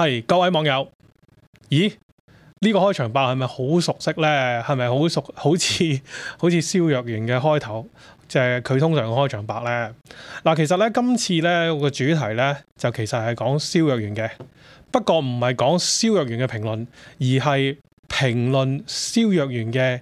係各位網友，咦？呢個開場白係咪好熟悉呢？係咪好熟？好似好似蕭若元嘅開頭，即係佢通常嘅開場白呢。嗱，其實呢，今次呢個主題呢，就其實係講蕭若元嘅，不過唔係講蕭若元嘅評論，而係評論蕭若元嘅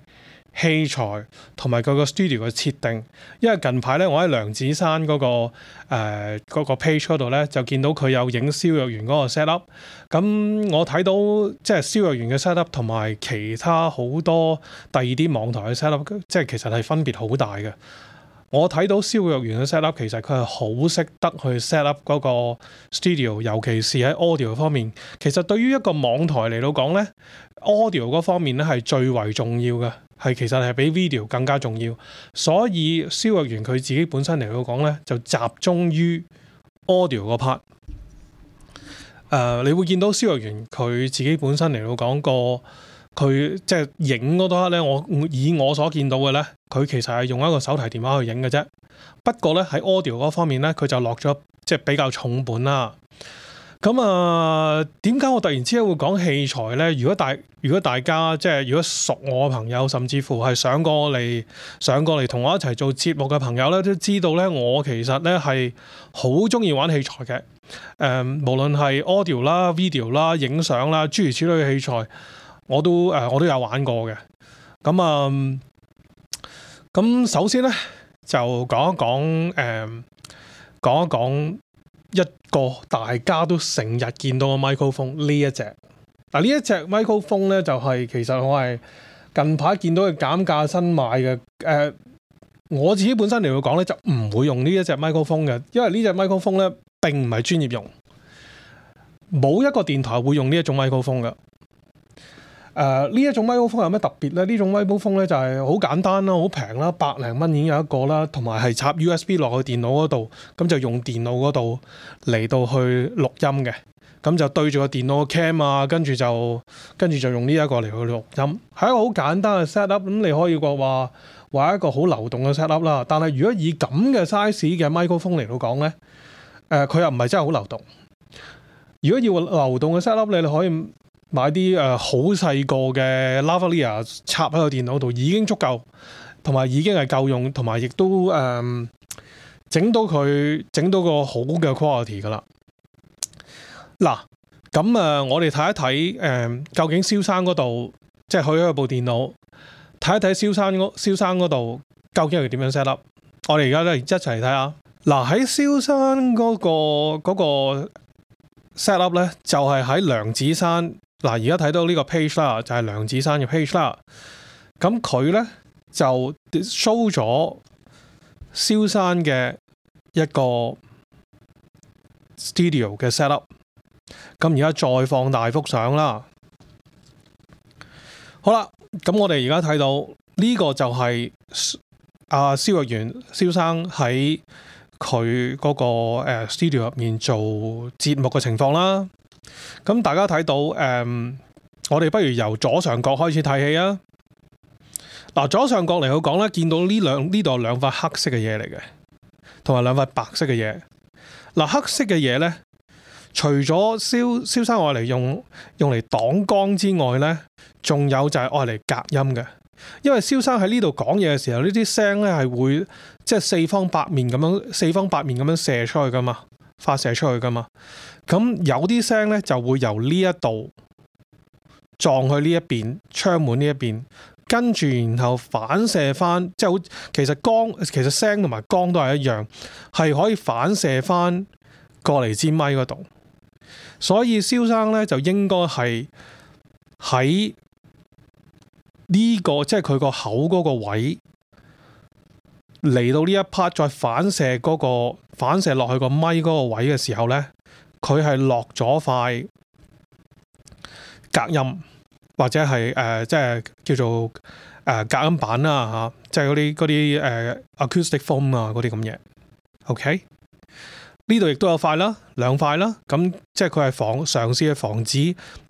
器材同埋佢個 studio 嘅設定，因為近排咧，我喺梁芷珊嗰、嗰個誒、呃嗰個、page 度咧，就見到佢有影蕭若元嗰個 set up。咁我睇到即係蕭若元嘅 set up 同埋其他好多第二啲網台嘅 set up，即係其實係分別好大嘅。我睇到蕭若元嘅 set up，其實佢係好識得去 set up 嗰個 studio，尤其是喺 audio 方面。其實對於一個網台嚟到講呢，audio 嗰方面呢係最為重要嘅，係其實係比 video 更加重要。所以蕭若元佢自己本身嚟到講呢，就集中於 audio 嗰 part。誒、呃，你會見到蕭若元佢自己本身嚟到講個。佢即係影嗰多刻咧，我以我所見到嘅咧，佢其實係用一個手提電話去影嘅啫。不過咧，喺 audio 嗰方面咧，佢就落咗即係比較重本啦。咁、嗯、啊，點解我突然之間會講器材咧？如果大如果大家即係如果熟我嘅朋友，甚至乎係上過嚟上過嚟同我一齊做節目嘅朋友咧，都知道咧我其實咧係好中意玩器材嘅。誒、嗯，無論係 audio 啦、video 啦、影相啦，諸如此類嘅器材。我都誒、呃，我都有玩過嘅。咁、嗯、啊，咁、嗯嗯、首先咧，就講一講誒、嗯，講一講一個大家都成日見到嘅 microphone 呢一隻嗱，呢一隻 microphone 咧、啊，就係、是、其實我係近排見到佢減價新買嘅。誒、啊，我自己本身嚟講咧，就唔會用呢一隻 microphone 嘅，因為這隻麥克風呢隻 microphone 咧並唔係專業用，冇一個電台會用呢一種 microphone 嘅。誒呢一種麥克風有咩特別呢？呢種麥克風咧就係好簡單啦，好平啦，百零蚊已經有一個啦，同埋係插 USB 落去電腦嗰度，咁就用電腦嗰度嚟到去錄音嘅。咁就對住個電腦個 cam 啊，跟住就跟住就用呢一個嚟去錄音，係一個好簡單嘅 set up。咁你可以講話話一個好流動嘅 set up 啦。但係如果以咁嘅 size 嘅 microphone 嚟到講呢，佢、呃、又唔係真係好流動。如果要流動嘅 set up，你你可以。買啲誒好細、呃、個嘅 Lavalier 插喺個電腦度已經足夠，同埋已經係夠用，同埋亦都誒整、嗯、到佢整到個好嘅 Quality 噶啦。嗱，咁啊、呃，我哋睇一睇誒、嗯，究竟蕭生嗰度即係佢嗰部電腦，睇一睇蕭生嗰蕭生嗰度究竟係點樣 set up。我哋而家咧一齊睇下。嗱喺蕭生嗰、那個嗰、那個 set up 咧，就係、是、喺梁芷珊。嗱，而家睇到呢個 page 啦，就係、是、梁子山嘅 page 啦。咁佢呢，就 show 咗蕭生嘅一個 studio 嘅 set up。咁而家再放大幅相啦。好啦，咁我哋而家睇到呢、這個就係阿、啊、蕭若元、蕭生喺佢嗰個 studio 入面做節目嘅情況啦。咁大家睇到誒、嗯，我哋不如由左上角開始睇起啊。嗱，左上角嚟到講呢，見到呢兩呢度有兩塊黑色嘅嘢嚟嘅，同埋兩塊白色嘅嘢。嗱，黑色嘅嘢呢，除咗蕭蕭生愛嚟用用嚟擋光之外呢，仲有就係愛嚟隔音嘅。因為蕭生喺呢度講嘢嘅時候，呢啲聲呢係會即係、就是、四方八面咁樣四方八面咁樣射出去噶嘛發射出去噶嘛咁有啲聲咧，就會由呢一度撞去呢一邊窗門呢一邊，跟住然後反射翻，即係好，其實光，其實聲同埋光都係一樣，係可以反射翻過嚟支咪嗰度。所以蕭生咧就應該係喺呢個，即係佢個口嗰個位嚟到呢一 part，再反射嗰個反射落去個咪嗰個位嘅時候咧。佢係落咗塊隔音或者係誒、呃、即係叫做誒、呃、隔音板啦、啊、嚇、啊，即係嗰啲啲誒、呃、acoustic foam 啊嗰啲咁嘢。OK，呢度亦都有塊啦，兩塊啦。咁即係佢係防，嘗試去防止，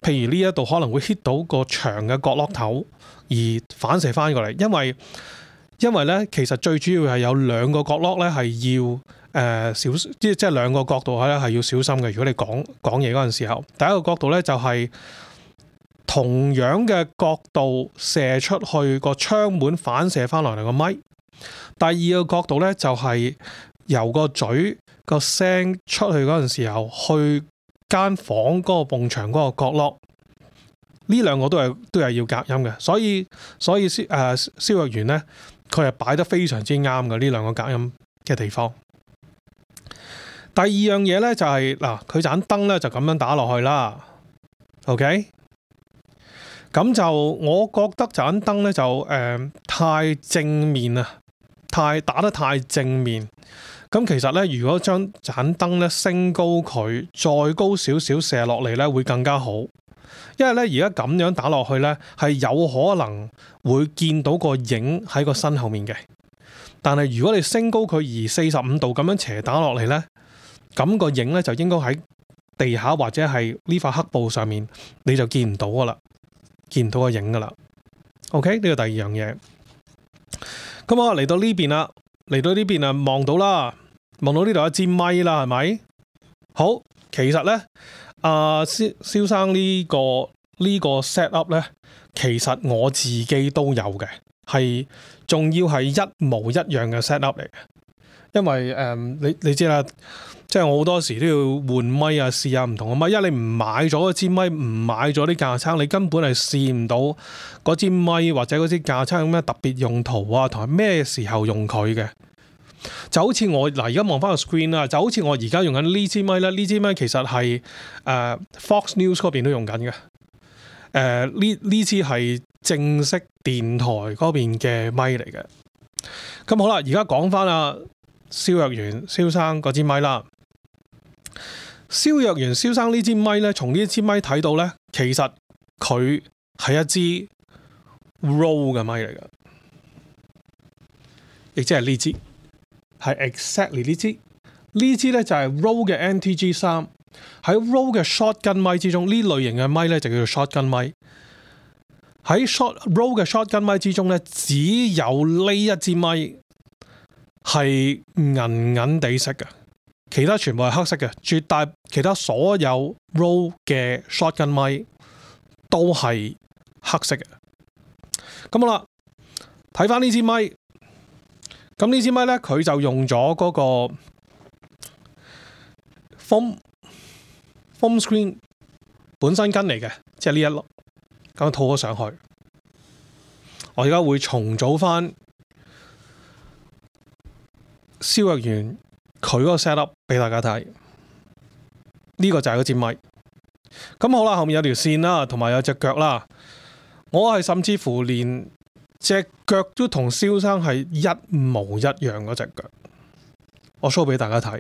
譬如呢一度可能會 hit 到個牆嘅角落頭而反射翻過嚟，因為因為咧其實最主要係有兩個角落咧係要。誒少、呃、即即兩個角度咧係要小心嘅。如果你講講嘢嗰陣時候，第一個角度咧就係、是、同樣嘅角度射出去個窗門反射翻落嚟個咪；第二個角度咧就係、是、由個嘴個聲出去嗰陣時候，去房間房嗰個墻牆嗰個角落。呢兩個都係都係要隔音嘅，所以所以蕭誒蕭若元咧，佢係擺得非常之啱嘅呢兩個隔音嘅地方。第二樣嘢咧就係、是、嗱，佢盞燈咧就咁樣打落去啦。OK，咁就我覺得盞燈咧就誒、呃、太正面啊，太打得太正面。咁其實咧，如果將盞燈咧升高佢再高少少射落嚟咧，會更加好。因為咧而家咁樣打落去咧係有可能會見到個影喺個身後面嘅。但係如果你升高佢而四十五度咁樣斜打落嚟咧，咁個影咧就應該喺地下或者係呢塊黑布上面，你就見唔到噶啦，見唔到個影噶啦。OK，呢個第二樣嘢。咁我嚟到呢邊啦，嚟到呢邊啊，望到啦，望到呢度一支咪啦，係咪？好，其實咧，阿蕭蕭生呢個呢個 set up 咧，其實我自己都有嘅，係仲要係一模一樣嘅 set up 嚟嘅。因為誒，你你知啦，即係我好多時都要換咪啊，試下唔同嘅咪。因為你唔買咗嗰支咪，唔買咗啲架撐，你根本係試唔到嗰支咪，或者嗰支架撐有咩特別用途啊，同埋咩時候用佢嘅。就好似我嗱，而家望翻個 screen 啦，就好似我而家用緊呢支咪啦，呢支咪其實係誒、呃、Fox News 嗰邊都用緊嘅。誒呢呢支係正式電台嗰邊嘅咪嚟嘅。咁好啦，而家講翻啊～蕭若元蕭生嗰支咪啦，蕭若元蕭生呢支咪呢？從呢支咪睇到呢，其實佢係一支 Rode 嘅咪嚟嘅，亦即係呢支，係 Exactly 呢支，呢支呢就係 Rode 嘅 NTG 三。喺 Rode 嘅 Shotgun 咪之中呢類型嘅咪呢就叫做 Shotgun 咪在 sh，喺 Shot Rode 嘅 Shotgun 咪之中呢只有呢一支咪。係銀銀地色嘅，其他全部係黑色嘅，絕大其他所有 Rode 嘅 shotgun 咪都係黑色嘅。咁、嗯、好啦，睇翻呢支咪。咁呢支咪呢，咧，佢就用咗嗰個 foam foam screen 本身跟嚟嘅，即係呢一粒咁樣套咗上去。我而家會重組翻。蕭若元佢嗰個 set up 俾大家睇，呢、這個就係個咪。咁好啦，後面有條線啦、啊，同埋有隻腳啦。我係甚至乎連隻腳都同蕭生係一模一樣嗰隻腳，我 show 俾大家睇。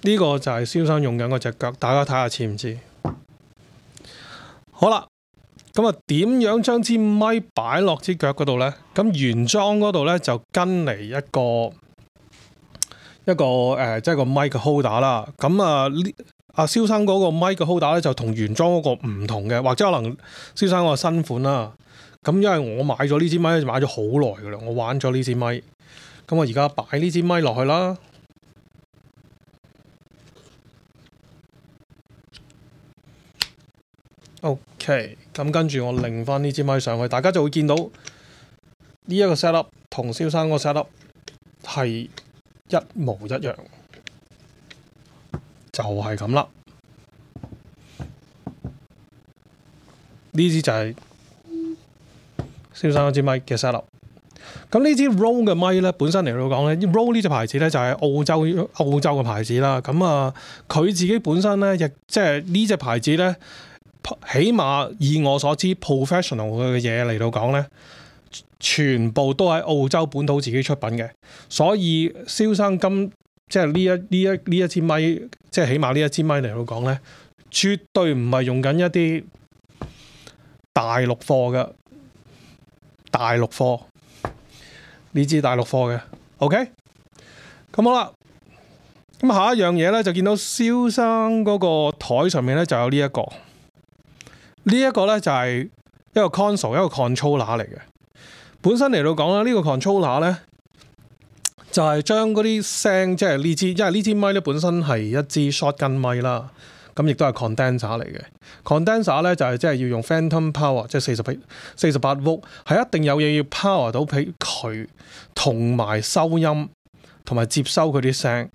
呢、這個就係蕭生用緊嗰隻腳，大家睇下似唔似？好啦，咁、嗯呃就是嗯、啊，點樣將支咪擺落支腳嗰度呢？咁原裝嗰度呢，就跟嚟一個一個即係個咪嘅 holder 啦。咁啊，阿蕭生嗰個咪嘅 holder 就同原裝嗰個唔同嘅，或者可能蕭生嗰個新款啦。咁、嗯、因為我買咗呢支咪，買咗好耐噶啦，我玩咗呢支咪，咁、嗯、我而家擺呢支咪落去啦。OK，咁跟住我擰翻呢支咪上去，大家就會見到呢一、個 set up 同蕭生嗰 set up 係一模一樣，就係咁啦。呢支就係蕭生嗰支咪嘅 set up。咁呢支 Rode 嘅咪呢，本身嚟到講呢 Rode 呢隻牌子呢，就係、係、澳洲澳洲嘅牌子啦。咁啊，佢自己本身呢，亦即係呢隻牌子呢。起碼以我所知 professional 嘅嘢嚟到講呢，全部都喺澳洲本土自己出品嘅，所以蕭生今即係呢一呢一呢一支咪，即係起碼呢一支咪嚟到講呢，絕對唔係用緊一啲大陸貨嘅大陸貨呢支大陸貨嘅，OK？咁好啦，咁下一樣嘢呢，就見到蕭生嗰個台上面呢，就有呢一個。這個呢、就是、一個咧就係一個 console，一個 controller 嚟嘅。本身嚟到講啦，這個、呢個 controller 咧就係將嗰啲聲，即係呢支，因為呢支咪咧本身係一支 shotgun 麥啦，咁亦都係 condenser 嚟嘅。condenser 咧就係即係要用 phantom power，即係四十八四十八 volt 係一定有嘢要 power 到俾佢，同埋收音，同埋接收佢啲聲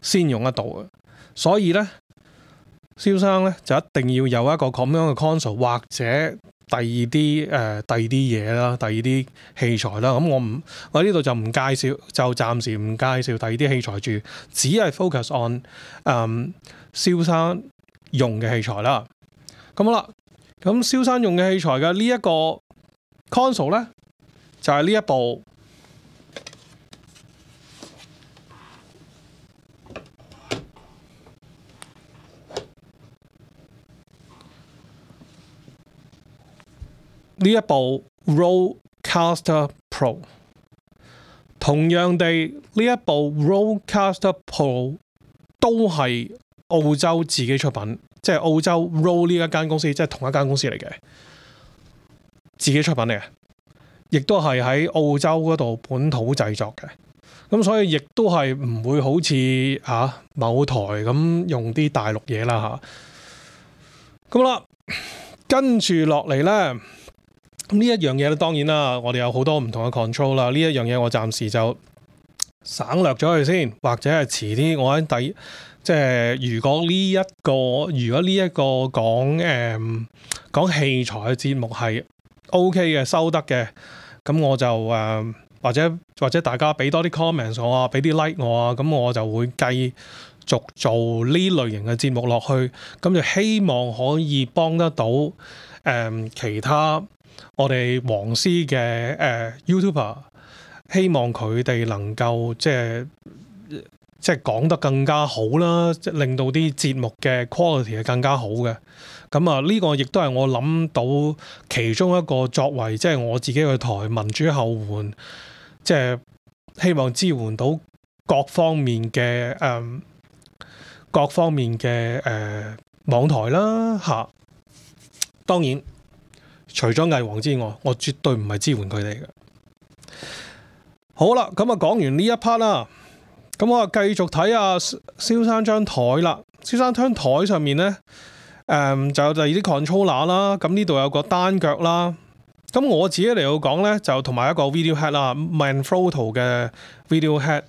先用得到的。所以咧。蕭生咧就一定要有一個咁樣嘅 console 或者第二啲誒第二啲嘢啦，第二啲器材啦。咁我唔我呢度就唔介紹，就暫時唔介紹第二啲器材住，只係 focus on 誒、嗯、蕭生用嘅器材啦。咁好啦，咁蕭生用嘅器材嘅呢一個 console 咧就係、是、呢一部。呢一部 RodeCaster Pro，同樣地，呢一部 RodeCaster Pro 都係澳洲自己出品，即係澳洲 Rode 呢一間公司，即係同一間公司嚟嘅，自己出品嘅，亦都係喺澳洲嗰度本土製作嘅。咁所以亦都係唔會好似、啊、某台咁用啲大陸嘢啦嚇。咁啦，啊、跟住落嚟呢。咁呢一樣嘢咧，當然啦，我哋有好多唔同嘅 control 啦。呢一樣嘢，我暫時就省略咗佢先，或者係遲啲。我喺底，即係如果呢一個，如果呢一個講誒講器材嘅節目係 OK 嘅，收得嘅，咁我就誒或者或者大家俾多啲 comments 我啊，俾啲 like 我啊，咁我就會繼續做呢類型嘅節目落去。咁就希望可以幫得到誒其他。我哋黃絲嘅誒 YouTuber，希望佢哋能夠即係即係講得更加好啦，即令到啲節目嘅 quality 更加好嘅。咁啊，呢、這個亦都係我諗到其中一個作為，即、就、係、是、我自己嘅台民主後援，即係希望支援到各方面嘅誒各方面嘅誒、呃、網台啦嚇。當然。除咗魏王之外，我絕對唔係支援佢哋嘅。好啦，咁啊講完呢一 part 啦，咁我啊繼續睇下蕭生張台啦。蕭生張台上面呢，誒、嗯、就有第二啲 controller 啦。咁呢度有一個單腳啦。咁我自己嚟到講呢，就同埋一個 video head 啦 Manfrotto 嘅 video head。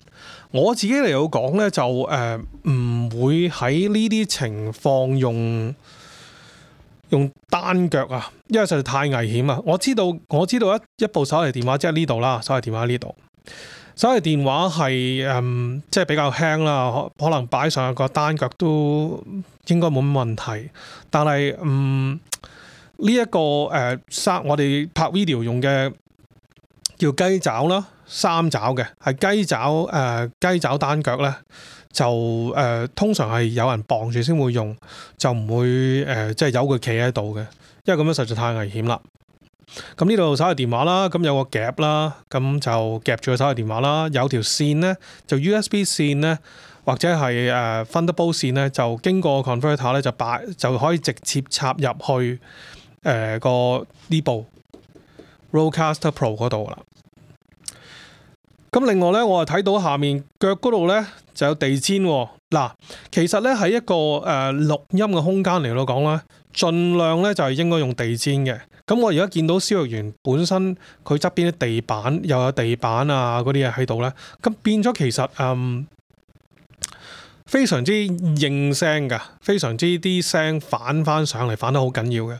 我自己嚟到講呢，就誒唔、呃、會喺呢啲情況用。用單腳啊，因為實在太危險啊！我知道我知道，一一部手提電話，即係呢度啦，手提電話呢度。手提電話係嗯即係比較輕啦，可可能擺上一個單腳都應該冇乜問題。但係嗯呢一、呢個誒、呃、我哋拍 video 用嘅叫雞爪啦，三爪嘅係雞爪誒、呃、雞爪單腳呢，就誒、呃、通常係有人綁住先會用，就唔會誒、呃、即係有佢企喺度嘅，因為咁樣實在太危險啦。咁呢度手提電話啦，咁有個夾啦，咁就夾住個手提電話啦。有條線呢，就 USB 線呢，或者係誒分得煲線呢，就經過 converter 咧，就擺就可以直接插入去誒、呃、個呢部 RodeCaster Pro 嗰度啦。咁另外咧，我啊睇到下面腳嗰度咧就有地氈。嗱，其實咧喺一個誒錄、呃、音嘅空間嚟到講咧，盡量咧就係、是、應該用地氈嘅。咁我而家見到蕭若元本身佢側邊啲地板又有地板啊嗰啲嘢喺度咧，咁變咗其實嗯非常之應聲㗎，非常之啲聲反翻上嚟，反得好緊要嘅。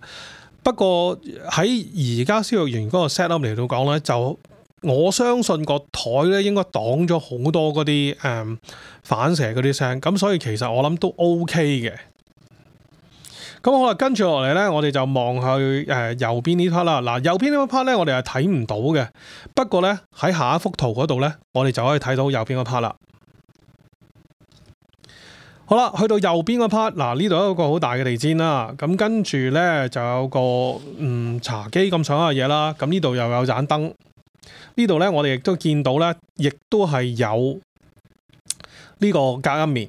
不過喺而家蕭若元嗰個 set up 嚟到講咧就。我相信個台咧應該擋咗好多嗰啲誒反射嗰啲聲，咁所以其實我諗都 OK 嘅。咁好啦，跟住落嚟呢，我哋就望去誒右邊呢 part 啦。嗱，右邊呢個 part 呢，我哋係睇唔到嘅，不過呢，喺下一幅圖嗰度呢，我哋就可以睇到右邊個 part 啦。好啦，去到右邊個 part，嗱呢度有一個好大嘅地氈啦，咁跟住呢，就有個嗯茶幾咁上下嘢啦，咁呢度又有盞燈。呢度咧，我哋亦都見到咧，亦都係有呢個隔音棉，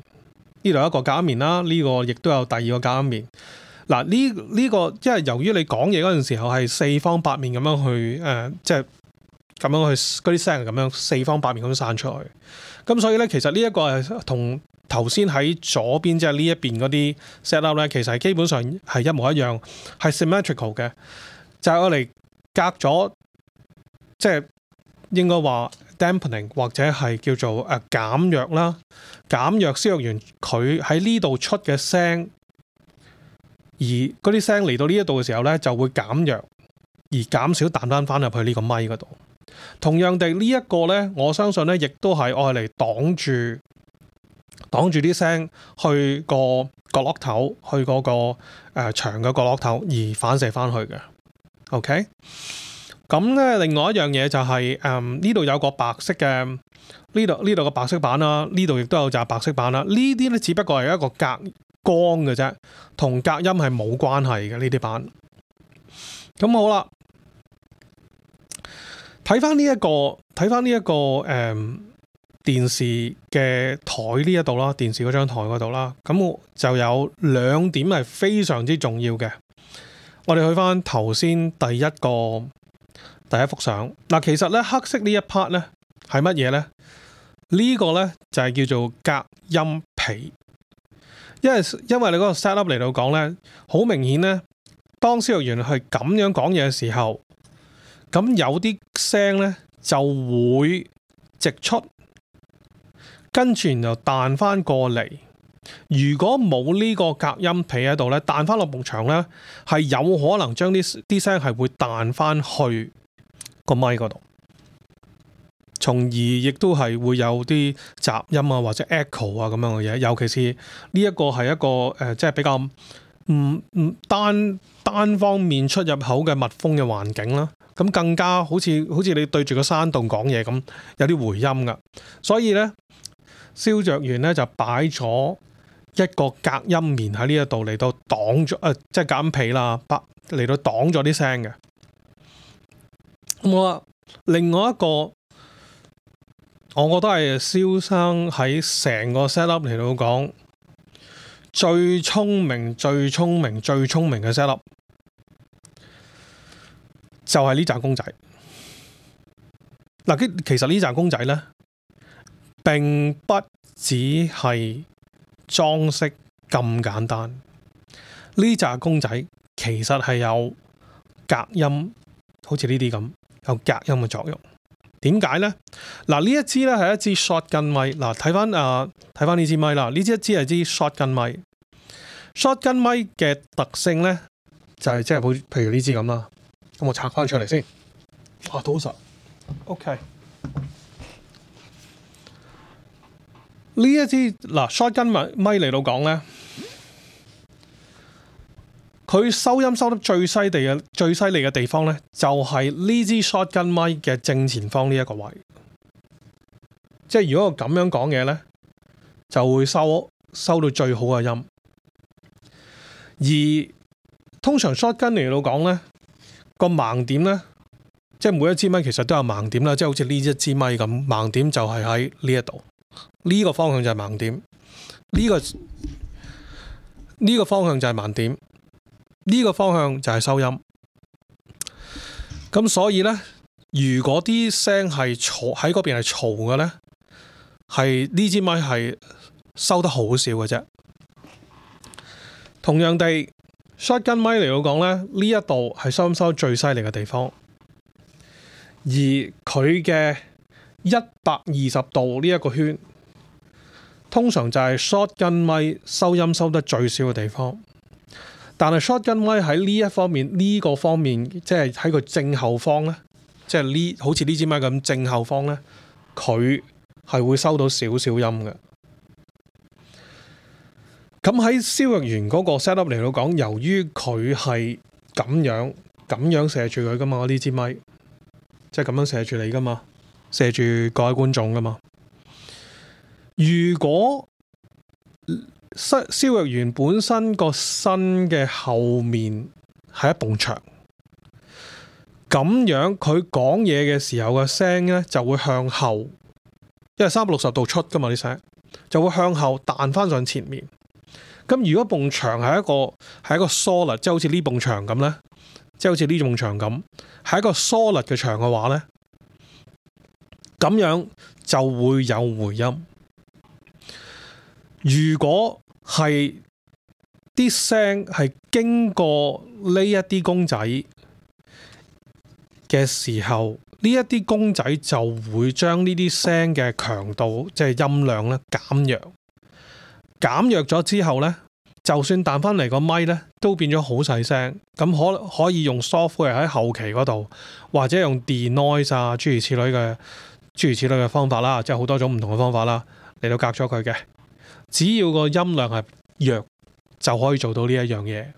呢度一個隔音棉啦。呢、這個亦都有第二個隔音棉。嗱，呢呢個，因、這、為、個、由於你講嘢嗰陣時候係四方八面咁樣去，誒、呃，即係咁樣去嗰啲聲咁樣四方八面咁散出去。咁所以咧，其實呢一個係同頭先喺左邊即係、就是、呢一邊嗰啲 set up 咧，其實係基本上係一模一樣，係 symmetrical 嘅，就係我嚟隔咗。即係應該話 dampening 或者係叫做誒減弱啦，減弱聲完佢喺呢度出嘅聲，而嗰啲聲嚟到呢一度嘅時候呢，就會減弱而減少彈翻翻入去呢個咪嗰度。同樣地，呢一個呢，我相信呢，亦都係愛嚟擋住擋住啲聲去個角落頭，去嗰個誒、呃、牆嘅角落頭而反射翻去嘅。OK。咁咧，另外一樣嘢就係、是，誒呢度有個白色嘅呢度呢度個白色板啦，呢度亦都有隻白色板啦。呢啲咧只不過係一個隔光嘅啫，同隔音係冇關係嘅呢啲板。咁好啦，睇翻呢一個睇翻呢一個誒電視嘅台呢一度啦，電視嗰張台嗰度啦。咁就有兩點係非常之重要嘅。我哋去翻頭先第一個。第一幅相嗱，其實咧黑色這一呢一 part 咧係乜嘢咧？呢、這個咧就係、是、叫做隔音皮，因為因為你嗰個 set up 嚟到講咧，好明顯咧，當蕭若元係咁樣講嘢嘅時候，咁有啲聲咧就會直出，跟住然後彈翻過嚟。如果冇呢個隔音皮喺度咧，彈翻落幕牆咧，係有可能將啲啲聲係會彈翻去。度，從而亦都係會有啲雜音啊，或者 echo 啊咁樣嘅嘢。尤其是呢一個係一個誒，即係比較唔唔、嗯嗯、單單方面出入口嘅密封嘅環境啦。咁更加好似好似你對住個山洞講嘢咁，有啲回音㗎。所以呢，蕭若元呢就擺咗一個隔音棉喺呢一度嚟到擋咗，誒、呃、即係隔音被啦，嚟到擋咗啲聲嘅。咁啊！另外一個，我覺得係蕭生喺成個 set up 嚟到講最聰明、最聰明、最聰明嘅 set up，就係呢扎公仔。嗱，其實呢扎公仔呢，並不只係裝飾咁簡單。呢扎公仔其實係有隔音像這些，好似呢啲咁。有隔音嘅作用，點解呢？嗱呢一支咧係一支 shotgun 咪，嗱睇翻啊睇翻呢支咪啦，呢支一支係支 shotgun 咪，shotgun 咪嘅特性呢，就係即係，好似譬如呢支咁啦。咁我拆翻出嚟先，啊都好實，OK。呢一支嗱 shotgun 咪咪嚟到講呢。佢收音收得最犀利嘅，最犀利嘅地方咧，就係呢支 shotgun mic 嘅正前方呢一個位。即係如果我咁樣講嘢咧，就會收收到最好嘅音。而通常 shotgun 嚟到講咧，個盲點咧，即係每一支咪其實都有盲點啦。即係好似呢一支咪咁，盲點就係喺呢一度，呢個方向就係盲點。呢個呢個方向就係盲點。呢個方向就係收音咁，所以呢，如果啲聲係嘈喺嗰邊係嘈嘅呢，係呢支咪係收得好少嘅啫。同樣地，shotgun 咪嚟到講呢，呢一度係收音收得最犀利嘅地方，而佢嘅一百二十度呢一個圈，通常就係 shotgun 咪收音收得最少嘅地方。但係 shotgun mic 喺呢一方面呢、呢個方面，即係喺佢正後方呢，即係呢好似呢支咪咁正後方呢，佢係會收到少少音嘅。咁喺蕭若元嗰個 set up 嚟到講，由於佢係咁樣咁樣射住佢噶嘛，呢支咪，即係咁樣射住你噶嘛，射住各位觀眾噶嘛。如果蕭若元本身個身嘅後面係一埲牆，咁樣佢講嘢嘅時候個聲呢就會向後，因為三百六十度出噶嘛啲聲，就會向後彈翻上前面。咁如果埲牆係一個係一個 solid，即係好似呢埲牆咁呢，即係好似呢埲牆咁，係一個 solid 嘅牆嘅話呢，咁樣就會有回音。如果係啲聲係經過呢一啲公仔嘅時候，呢一啲公仔就會將呢啲聲嘅強度，即係音量咧，減弱。減弱咗之後呢，就算彈翻嚟，個咪呢，都變咗好細聲。咁可可以用 software 喺後期嗰度，或者用 de noise 啊，諸如此類嘅諸如此類嘅方法啦，啊，即係好多種唔同嘅方法啦嚟到隔咗佢嘅。只要個音量係弱，就可以做到呢一樣嘢。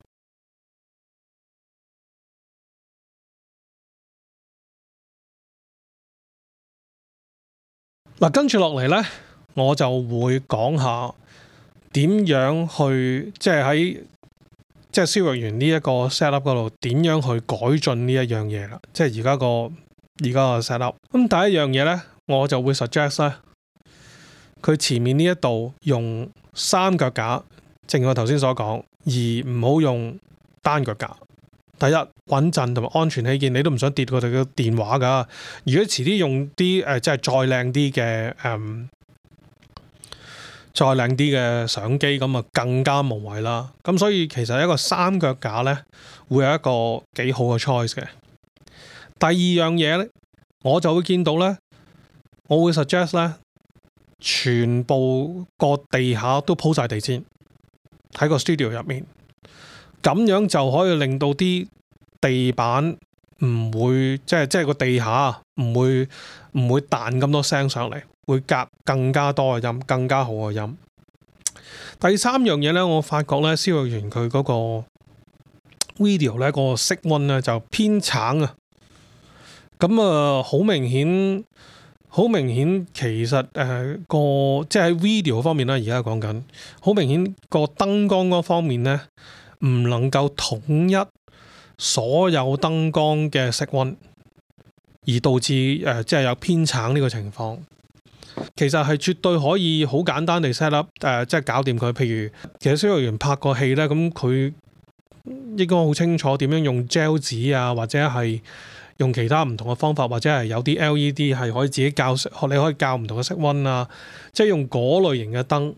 嗱、啊，跟住落嚟呢，我就會講下點樣去，即係喺即係蕭若元呢一個 set up 嗰度，點樣去改進呢一樣嘢啦。即係而家個而家個 set up。咁、嗯、第一樣嘢呢，我就會 suggest 咧。佢前面呢一度用三腳架，正如我頭先所講，而唔好用單腳架。第一穩陣同埋安全起見，你都唔想跌過佢個電話㗎。如果遲啲用啲誒、呃，即係再靚啲嘅誒，再靚啲嘅相機咁啊，就更加無謂啦。咁所以其實一個三腳架呢，會有一個幾好嘅 choice 嘅。第二樣嘢呢，我就會見到呢，我會 suggest 呢。全部個地下都鋪晒地氈喺個 studio 入面，咁樣就可以令到啲地板唔會即係，即係個地下唔會唔會彈咁多聲上嚟，會隔更加多嘅音，更加好嘅音。第三樣嘢呢，我發覺呢，蕭若元佢嗰個 video 呢，個色溫呢，就偏橙啊，咁啊好明顯。好明顯，其實誒個、呃、即係 video 方面啦，而家講緊好明顯個燈光嗰方面呢，唔能夠統一所有燈光嘅色溫，而導致、呃、即係有偏橙呢個情況。其實係絕對可以好簡單地 set up、呃、即係搞掂佢。譬如其實消售員拍個戲呢，咁佢應該好清楚點樣用 gel 紙啊，或者係。用其他唔同嘅方法，或者係有啲 LED 係可以自己校色，你可以校唔同嘅色溫啊，即係用嗰類型嘅燈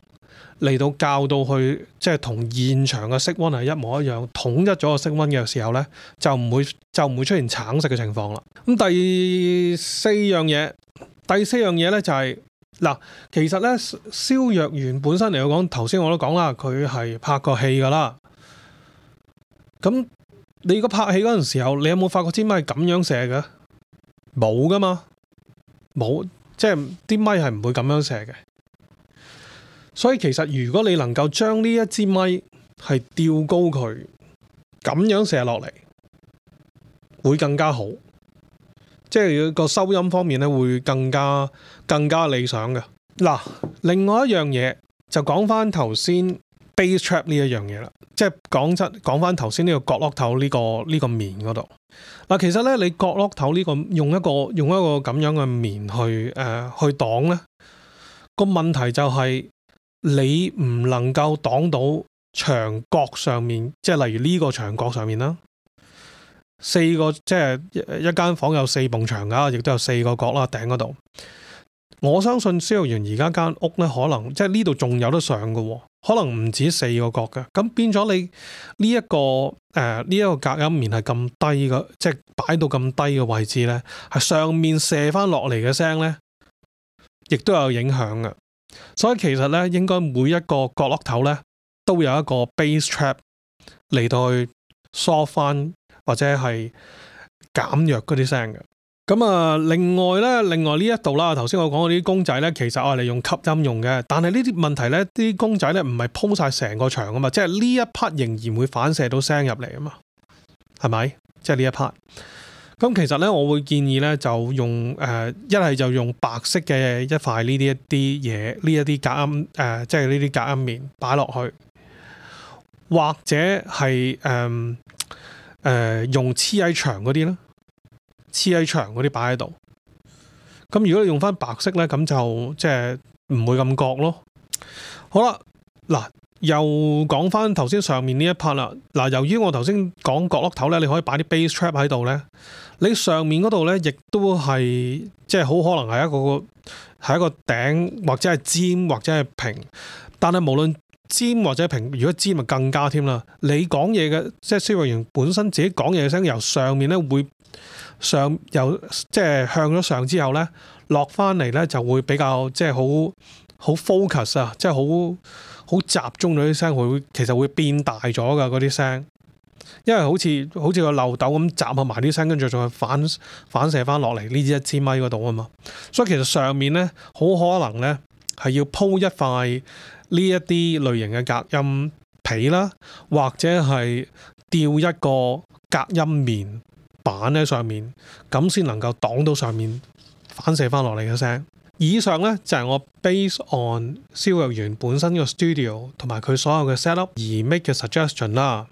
嚟到校到去，即係同現場嘅色溫係一模一樣，統一咗個色溫嘅時候呢，就唔會就唔會出現橙色嘅情況啦。咁第四樣嘢，第四樣嘢呢就係、是、嗱，其實呢，蕭若元本身嚟講，頭先我都講啦，佢係拍過戲噶啦，咁。你如果拍戲嗰陣時候，你有冇發覺支咪係咁樣射嘅？冇噶嘛，冇，即係啲咪係唔會咁樣射嘅。所以其實如果你能夠將呢一支咪係吊高佢，咁樣射落嚟，會更加好，即係個收音方面咧會更加更加理想嘅。嗱，另外一樣嘢就講翻頭先。base trap 呢一樣嘢啦，即係講出講翻頭先呢個角落頭呢個呢個面嗰度。嗱，其實呢，你角落頭呢個用一個用一個咁樣嘅面去誒、呃、去擋呢個問題就係你唔能夠擋到牆角上面，即係例如呢個牆角上面啦，四個即係一間間房有四埲牆噶，亦都有四個角啦，頂嗰度。我相信蕭若元而家間屋呢，可能即係呢度仲有得上喎、哦。可能唔止四個角嘅，咁變咗你呢、這、一個誒呢一個隔音棉係咁低嘅，即係擺到咁低嘅位置咧，係上面射翻落嚟嘅聲咧，亦都有影響嘅。所以其實咧，應該每一個角落頭咧，都有一個 bass trap 嚟到去梳翻或者係減弱嗰啲聲嘅。咁啊，另外咧，另外呢一度啦，頭先我講嗰啲公仔咧，其實我係利用吸音用嘅，但係呢啲問題咧，啲公仔咧唔係鋪晒成個牆啊嘛，即係呢一 part 仍然會反射到聲入嚟啊嘛，係咪？即係呢一 part。咁、嗯、其實咧，我會建議咧，就用誒、呃，一係就用白色嘅一塊呢啲一啲嘢，呢一啲隔音誒，即係呢啲隔音棉擺落去，或者係誒誒用黐喺牆嗰啲啦。黐喺牆嗰啲擺喺度，咁如果你用翻白色呢，咁就即係唔會咁覺咯。好了。好啦，嗱又講翻頭先上面呢一 part 啦。嗱，由於我頭先講角落頭呢，你可以擺啲 base trap 喺度呢。你上面嗰度呢，亦都係即係好可能係一個個係一個頂或者係尖或者係平。但係無論尖或者平，如果尖咪更加添啦。你講嘢嘅即係消防員本身自己講嘢嘅聲音由上面呢會。上又即係向咗上之後咧，落翻嚟咧就會比較即係好好 focus 啊！即係好好集中咗啲聲，會其實會變大咗噶嗰啲聲，因為好似好似個漏斗咁集合埋啲聲，跟住仲再反反射翻落嚟呢支一支咪嗰度啊嘛。所以其實上面咧好可能咧，係要鋪一塊呢一啲類型嘅隔音皮啦，或者係吊一個隔音棉板喺上面，咁先能夠擋到上面反射翻落嚟嘅聲。以上呢，就係、是、我 base on 蕭若元本身嘅 studio 同埋佢所有嘅 set up 而 make 嘅 suggestion 啦。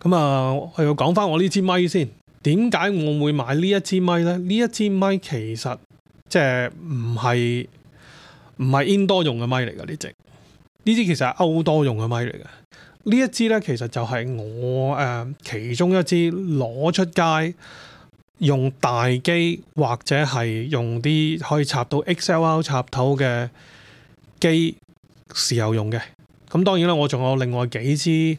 咁啊，我要講翻我呢支咪先。點解我會買呢一支咪呢？呢一支咪其實即係唔係唔係 indoor 用嘅咪嚟㗎，呢隻呢支其實係 outdoor 用嘅咪嚟㗎。呢一支呢，其實就係我、呃、其中一支攞出街用大機或者係用啲可以插到 XLR 插頭嘅機時候用嘅。咁當然啦，我仲有另外幾支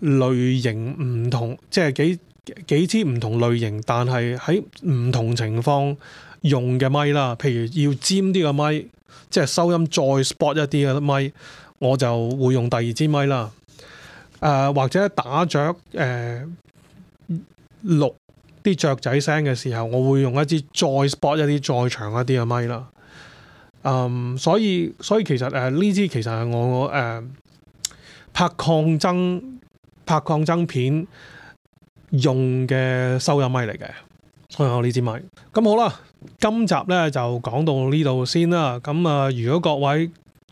類型唔同，即係幾幾支唔同類型，但係喺唔同情況用嘅咪啦。譬如要尖啲嘅咪，即係收音再 spot 一啲嘅咪，我就會用第二支咪啦。誒、呃、或者打雀誒、呃、錄啲雀仔聲嘅時候，我會用一支再 spot 一啲、再長一啲嘅咪啦。嗯，所以所以其實誒呢支其實係我我、呃、拍抗爭拍抗爭片用嘅收音咪嚟嘅，所以我呢支咪。咁好啦，今集呢就講到呢度先啦。咁啊、呃，如果各位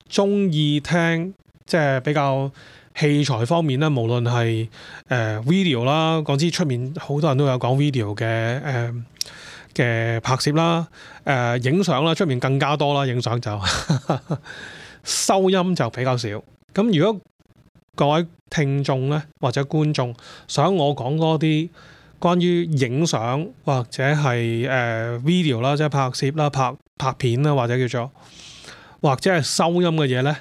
中意聽即係比較。器材方面咧，無論係誒、呃、video 啦，講之出面好多人都有講 video 嘅誒嘅拍攝啦，誒影相啦，出面更加多啦，影相就呵呵收音就比較少。咁如果各位聽眾呢，或者觀眾想我講多啲關於影相或者係誒、呃、video 啦，即係拍攝啦、拍拍片啦，或者叫做或者係收音嘅嘢呢。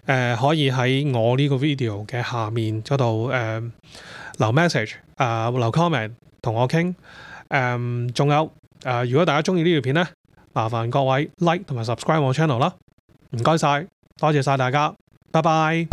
誒、呃、可以喺我呢個 video 嘅下面嗰度誒留 message 啊、呃、留 comment 同我傾誒，仲、呃、有、呃、如果大家中意呢條片呢，麻煩各位 like 同埋 subscribe 我 channel 啦，唔該曬，多謝曬大家，拜拜。